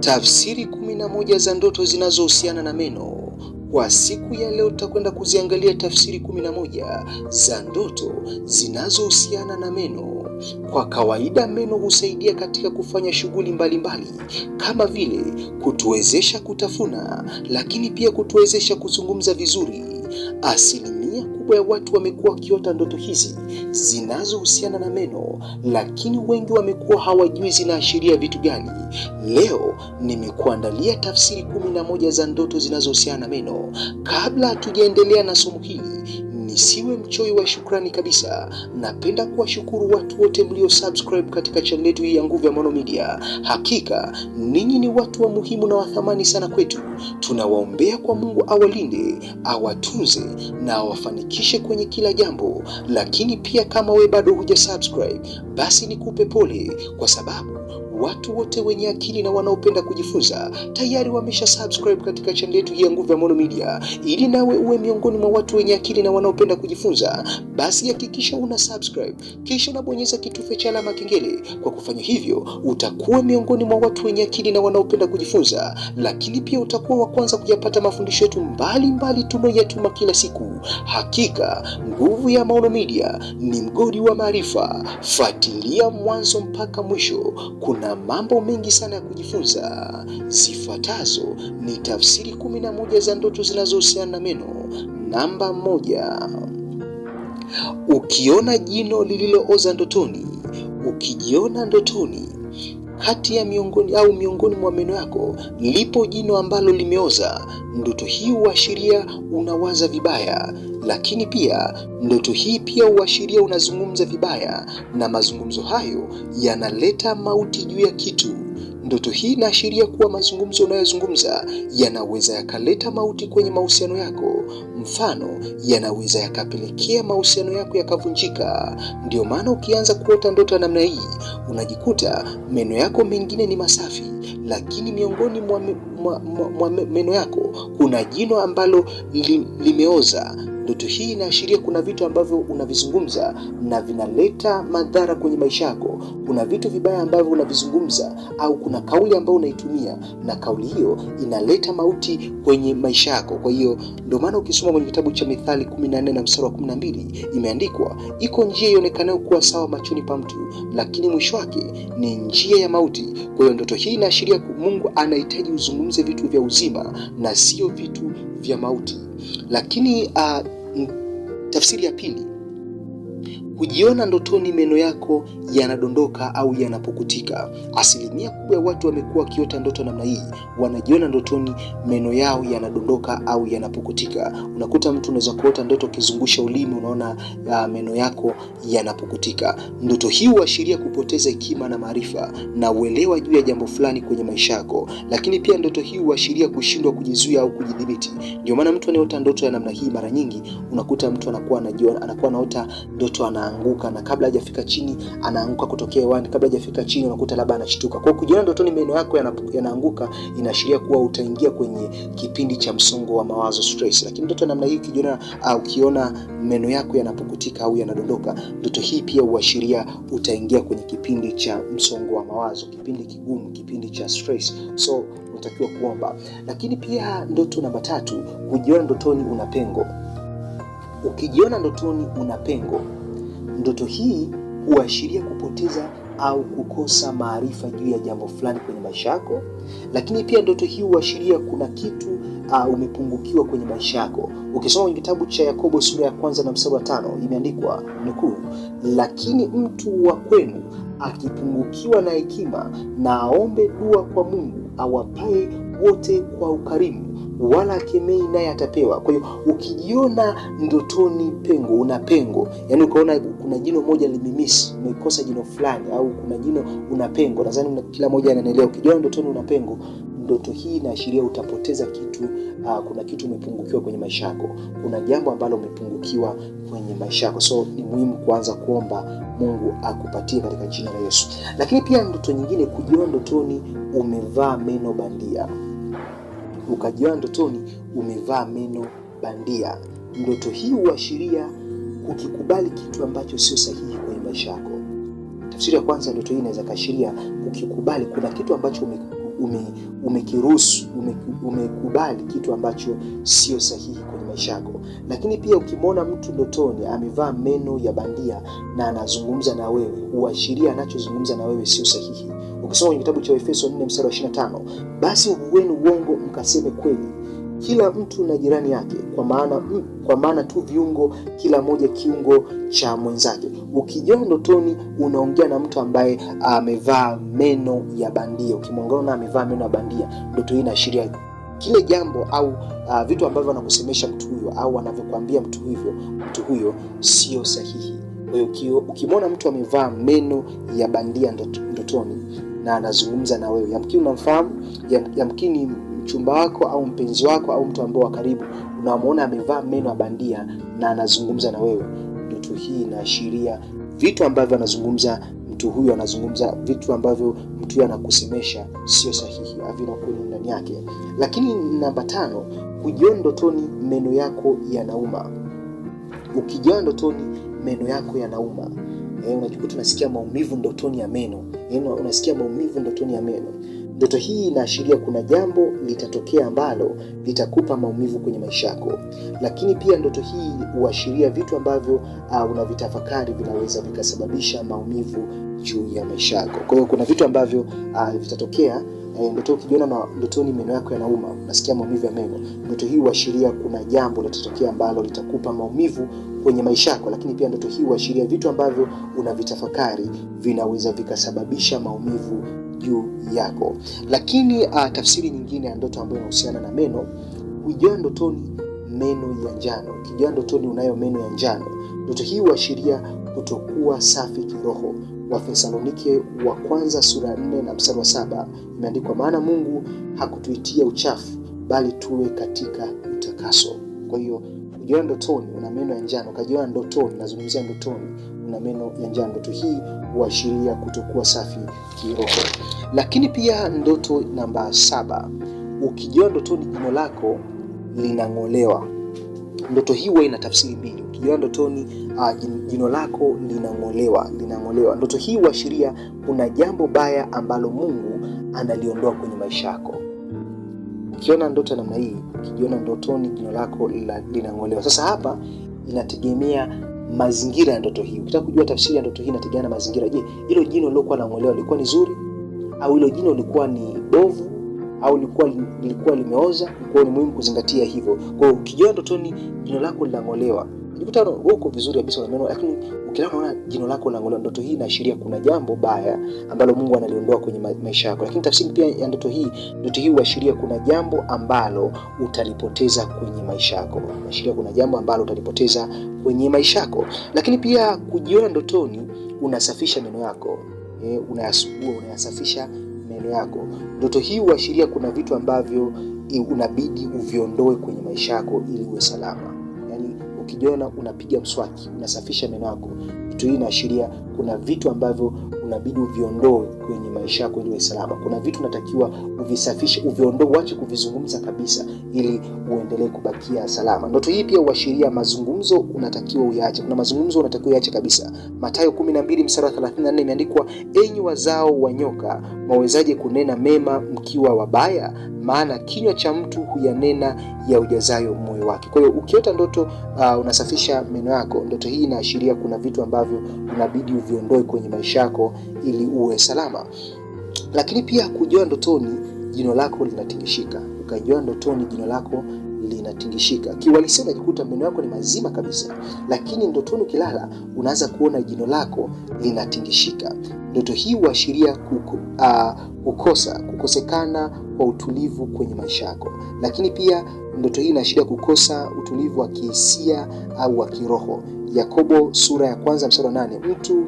tafsiri kumi na moja za ndoto zinazohusiana na meno. Kwa siku ya leo tutakwenda kuziangalia tafsiri kumi na moja za ndoto zinazohusiana na meno. Kwa kawaida meno husaidia katika kufanya shughuli mbalimbali kama vile kutuwezesha kutafuna, lakini pia kutuwezesha kuzungumza vizuri. Asili Asilimia kubwa ya watu wamekuwa wakiota ndoto hizi zinazohusiana na meno, lakini wengi wamekuwa hawajui zinaashiria vitu gani. Leo nimekuandalia tafsiri kumi na moja za ndoto zinazohusiana na meno. Kabla hatujaendelea na somo hili nisiwe mchoyo wa shukrani kabisa. Napenda kuwashukuru watu wote mlio subscribe katika channel yetu hii ya Nguvu ya Maono Media. Hakika ninyi ni watu wa muhimu na wathamani sana kwetu. Tunawaombea kwa Mungu awalinde, awatunze na awafanikishe kwenye kila jambo. Lakini pia kama we bado huja subscribe, basi nikupe pole kwa sababu Watu wote wenye akili na wanaopenda kujifunza tayari wamesha subscribe katika channel yetu hii ya Nguvu ya Maono Media. Ili nawe uwe miongoni mwa watu wenye akili na wanaopenda kujifunza, basi hakikisha una subscribe kisha unabonyeza kitufe cha alama kengele. Kwa kufanya hivyo, utakuwa miongoni mwa watu wenye akili na wanaopenda kujifunza, lakini pia utakuwa wa kwanza kuyapata mafundisho yetu mbalimbali tunayoyatuma kila siku. Hakika Nguvu ya Maono Media ni mgodi wa maarifa. Fuatilia mwanzo mpaka mwisho kuna na mambo mengi sana ya kujifunza. Zifuatazo ni tafsiri kumi na moja za ndoto zinazohusiana na meno. Namba moja, ukiona jino lililooza ndotoni. Ukijiona ndotoni hati ya miongoni au miongoni mwa meno yako lipo jino ambalo limeoza. Ndoto hii huashiria unawaza vibaya, lakini pia ndoto hii pia huashiria unazungumza vibaya, na mazungumzo hayo yanaleta mauti juu ya kitu. Ndoto hii inaashiria kuwa mazungumzo unayozungumza yanaweza yakaleta mauti kwenye mahusiano yako. Mfano, yanaweza yakapelekea mahusiano yako yakavunjika. Ndiyo maana ukianza kuota ndoto ya namna hii, unajikuta meno yako mengine ni masafi, lakini miongoni mwa, mwa, mwa, mwa meno yako kuna jino ambalo li, limeoza. Ndoto hii inaashiria kuna vitu ambavyo unavizungumza na vinaleta madhara kwenye maisha yako. Kuna vitu vibaya ambavyo unavizungumza au kuna kauli ambayo unaitumia, na kauli hiyo inaleta mauti kwenye maisha yako. Kwa hiyo ndio maana ukisoma kwenye kitabu cha Mithali 14 na mstari wa 12 imeandikwa, iko njia ionekanayo kuwa sawa machoni pa mtu, lakini mwisho wake ni njia ya mauti. Kwa hiyo ndoto hii inaashiria Mungu anahitaji uzungumze vitu vya uzima na sio vitu vya mauti, lakini uh, tafsiri ya pili kujiona ndotoni meno yako yanadondoka au yanapukutika. Asilimia kubwa ya watu wamekuwa wakiota ndoto namna hii, wanajiona ndotoni meno yao yanadondoka au yanapukutika. Unakuta mtu unaweza kuota ndoto ukizungusha ulimi, unaona ya meno yako yanapukutika. Ndoto hii huashiria kupoteza hekima na maarifa na uelewa juu ya jambo fulani kwenye maisha yako, lakini pia ndoto hii huashiria kushindwa kujizuia au kujidhibiti. Ndio maana mtu anayeota ndoto ya namna hii mara nyingi unakuta mtu anakuwa anajiona anakuwa anaota ndoto ana anaanguka, na kabla hajafika chini anaanguka kutokea hewani, kabla hajafika chini unakuta labda anashtuka. Kwa kujiona ndotoni meno yako yanaanguka, inaashiria kuwa utaingia kwenye kipindi cha msongo wa mawazo stress. Lakini ndoto namna hii ukijiona, ah, ukiona meno yako yanapukutika au yanadondoka, ndoto hii pia huashiria utaingia kwenye kipindi cha msongo wa mawazo, kipindi kigumu, kipindi cha stress. So unatakiwa kuomba. Lakini pia ndoto namba tatu, kujiona ndotoni una pengo. Ukijiona ndotoni una pengo Ndoto hii huashiria kupoteza au kukosa maarifa juu ya jambo fulani kwenye maisha yako, lakini pia ndoto hii huashiria kuna kitu uh, umepungukiwa kwenye maisha yako. Ukisoma kwenye kitabu cha Yakobo sura ya kwanza na mstari wa tano imeandikwa nukuu, lakini mtu wa kwenu akipungukiwa na hekima na aombe dua kwa Mungu awapaye wote kwa ukarimu wala akemei naye atapewa. Kwa hiyo ukijiona ndotoni pengo, una pengo, yaani ukaona kuna jino moja limimisi, umekosa jino fulani, au kuna jino una pengo, nadhani kila moja ananielewa. Ukijiona ndotoni una pengo, ndoto hii inaashiria utapoteza kitu. uh, kuna kitu umepungukiwa kwenye maisha yako, kuna jambo ambalo umepungukiwa kwenye maisha yako, so ni muhimu kuanza kuomba Mungu akupatie katika jina la Yesu. Lakini pia ndoto nyingine, kujiona ndotoni umevaa meno bandia ukajiona ndotoni umevaa meno bandia. Ndoto hii huashiria kukikubali kitu ambacho sio sahihi kwenye maisha yako. Tafsiri ya kwanza, ndoto hii inaweza kashiria kukikubali, kuna kitu ambacho umekiruhusu ume, ume umekubali kitu ambacho sio sahihi kwenye maisha yako. Lakini pia ukimwona mtu ndotoni amevaa meno ya bandia na anazungumza na wewe, huashiria anachozungumza na wewe sio sahihi. Ukisoma kwenye kitabu cha Efeso 4 mstari wa 25, basi uweni uongo mkaseme kweli kila mtu na jirani yake, kwa maana kwa maana tu viungo kila moja kiungo cha mwenzake. Ukijaa ndotoni unaongea na mtu ambaye amevaa meno ya bandia, ukimwangalia amevaa meno ya bandia, ndoto hii inaashiria kile jambo au uh, vitu ambavyo anakusemesha mtu huyo au anavyokuambia mtu hivyo, mtu huyo sio sahihi. Kwa hiyo ukimwona mtu amevaa meno ya bandia ndotoni na anazungumza na wewe. Yamkini unamfahamu, yamkini mchumba wako au mpenzi wako au mtu ambao wa karibu unamwona amevaa meno ya bandia na anazungumza na wewe. Ndoto hii inaashiria vitu ambavyo anazungumza mtu huyu, anazungumza vitu ambavyo mtu huyu anakusemesha sio sahihi, havina kweli ndani yake. Lakini namba tano, kujiona ndotoni meno yako yanauma. Ukijiona ndotoni meno yako yanauma eh, unajikuta unasikia maumivu ndotoni ya meno eh, unasikia maumivu ndotoni ya meno. Ndoto hii inaashiria kuna jambo litatokea ambalo litakupa maumivu kwenye maisha yako, lakini pia ndoto hii huashiria vitu ambavyo uh, unavitafakari vinaweza vikasababisha maumivu juu ya maisha yako. Kwa hiyo kuna vitu ambavyo uh, vitatokea E, ndoto ukijiona ndotoni meno yako yanauma, unasikia maumivu ya meno, ndoto hii huashiria kuna jambo litatokea ambalo litakupa maumivu kwenye maisha yako, lakini pia ndoto hii huashiria vitu ambavyo unavitafakari vinaweza vikasababisha maumivu juu yako. Lakini uh, tafsiri nyingine ya ndoto ambayo inahusiana na meno, ukijaa ndotoni meno ya njano, ukijaa ndotoni unayo meno ya njano, ndoto hii huashiria kutokuwa safi kiroho. Wathesalonike wa kwanza sura nne na mstari wa saba imeandikwa, maana Mungu hakutuitia uchafu bali tuwe katika utakaso. Kwa hiyo ukijiona ndotoni una meno ya njano, ukajiona ndotoni, nazungumzia ndotoni, una meno ya njano, ndoto hii huashiria kutokuwa safi kiroho. Lakini pia ndoto namba saba, ukijiona ndotoni jino lako linang'olewa, ndoto hii huwa ina tafsiri mbili. Ukijiona ndotoni uh, jino lako linang'olewa, linang'olewa, ndoto hii huashiria kuna jambo baya ambalo Mungu analiondoa kwenye maisha yako. Ukiona ndoto namna hii, ukijiona ndotoni jino lako linang'olewa. Sasa hapa inategemea mazingira ya ndoto hii. Ukitaka kujua tafsiri ya ndoto hii inategemea na mazingira. Je, hilo jino lilokuwa linang'olewa lilikuwa ni zuri au hilo jino lilikuwa ni bovu au lilikuwa lilikuwa limeoza? Kwa hiyo ni muhimu kuzingatia hivyo. Kwa hiyo ukijiona ndotoni jino lako linang'olewa unajikuta uko vizuri kabisa na meno, lakini ukilala unaona jino lako unaangalia. Ndoto hii inaashiria kuna jambo baya ambalo Mungu analiondoa kwenye maisha yako. Lakini tafsiri pia ya ndoto hii, ndoto hii huashiria kuna jambo ambalo utalipoteza kwenye maisha yako, inaashiria kuna jambo ambalo utalipoteza kwenye maisha yako. Lakini pia kujiona ndotoni, unasafisha meno yako e, unayasugua, unayasafisha meno yako. Ndoto hii huashiria kuna vitu ambavyo e, unabidi uviondoe kwenye maisha yako ili uwe salama ukijiona unapiga mswaki, unasafisha meno yako, kitu hii inaashiria kuna vitu ambavyo unabidi uviondoe kwenye maisha yako ili uwe salama. Kuna vitu natakiwa uvisafishe, uviondoe, uache kuvizungumza kabisa, ili uendelee kubakia salama. Ndoto hii pia huashiria mazungumzo unatakiwa uyaache. Kuna mazungumzo unatakiwa uyaache kabisa. Mathayo 12 mstari wa 34 imeandikwa, enyi wazao wa nyoka, mwawezaje kunena mema mkiwa wabaya? Maana kinywa cha mtu huyanena ya ujazayo moyo wake. Kwa hiyo ukiota ndoto uh, unasafisha meno yako, ndoto hii inaashiria kuna vitu ambavyo unabidi uviondoe kwenye maisha yako ili uwe salama. Lakini pia kujua ndotoni jino lako linatingishika, ukajua ndotoni jino lako linatingishika. kiwalisia, unajikuta meno yako ni mazima kabisa, lakini ndotoni ukilala unaanza kuona jino lako linatingishika. Ndoto hii huashiria kuko, uh, kukosa kukosekana kwa utulivu kwenye maisha yako, lakini pia ndoto hii inaashiria kukosa utulivu wa kihisia au wa kiroho. Yakobo sura ya kwanza mstari wa nane mtu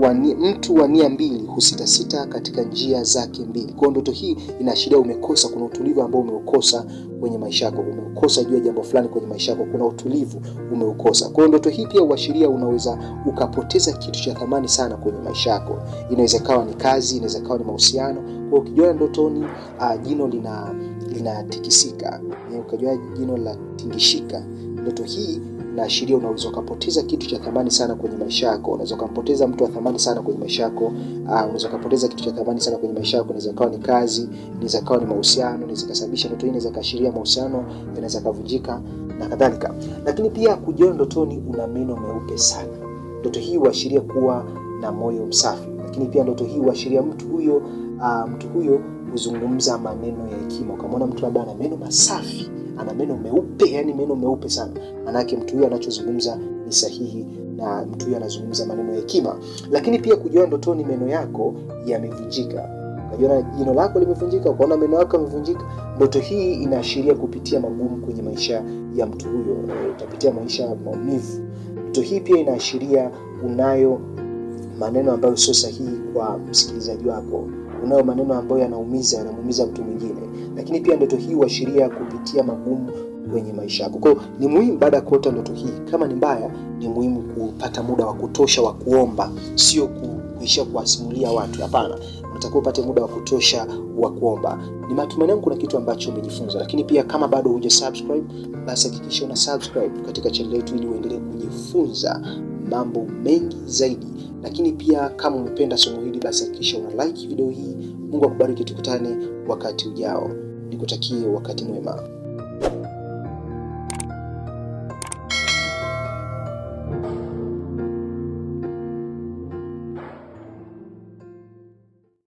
wani, mtu wa nia mbili husitasita katika njia zake mbili. Kwa ndoto hii inaashiria umekosa, kuna utulivu ambao umeukosa kwenye maisha yako, umeukosa juu ya jambo fulani kwenye maisha yako, kuna utulivu umeukosa. Kwa ndoto hii pia huashiria unaweza ukapoteza kitu cha thamani sana kwenye maisha yako, inaweza kawa ni kazi, inaweza kawa ni mahusiano. Kwa ukijiona ndotoni uh, jino lina linatikisika, eh, ukijiona jino la tingishika, ndoto hii inaashiria unaweza ukapoteza kitu cha thamani sana kwenye maisha yako. Unaweza ukampoteza mtu wa thamani sana kwenye maisha yako. Uh, unaweza ukapoteza kitu cha thamani sana kwenye maisha yako. Inaweza kawa ni kazi, inaweza kawa ni mahusiano, inaweza kasababisha ndoto hii, inaweza kaashiria mahusiano inaweza kavunjika na kadhalika. Lakini pia kujiona ndotoni una meno meupe sana, ndoto hii huashiria kuwa na moyo msafi. Lakini pia ndoto hii huashiria mtu huyo, uh, mtu huyo huzungumza maneno ya hekima. Ukamwona mtu labda ana meno masafi ana meno meupe, yani meno meupe sana. Manake mtu huyo anachozungumza ni sahihi na mtu huyo anazungumza maneno ya hekima. Lakini pia kujua ndotoni meno yako yamevunjika, ukajiona jino lako limevunjika, ukaona meno yako yamevunjika. Ndoto hii inaashiria kupitia magumu kwenye maisha ya mtu huyo, utapitia maisha ya maumivu. Ndoto hii pia inaashiria unayo maneno ambayo sio sahihi kwa msikilizaji wako unayo maneno ambayo yanaumiza, yanamuumiza mtu mwingine, lakini pia ndoto hii huashiria kupitia magumu kwenye maisha yako. Kwa hiyo ni muhimu baada ya kuota ndoto hii, kama ni mbaya, ni muhimu kupata muda wa kutosha wa kuomba, sio kuishia kuwasimulia watu. Hapana, unatakiwa upate muda wa kutosha wa kuomba. Ni matumaini yangu kuna kitu ambacho umejifunza, lakini pia kama bado huja subscribe, basi hakikisha una subscribe katika channel yetu ili uendelee kujifunza mambo mengi zaidi lakini pia kama umependa somo hili basi hakikisha una like video hii. Mungu akubariki, tukutane wakati ujao, nikutakie wakati mwema.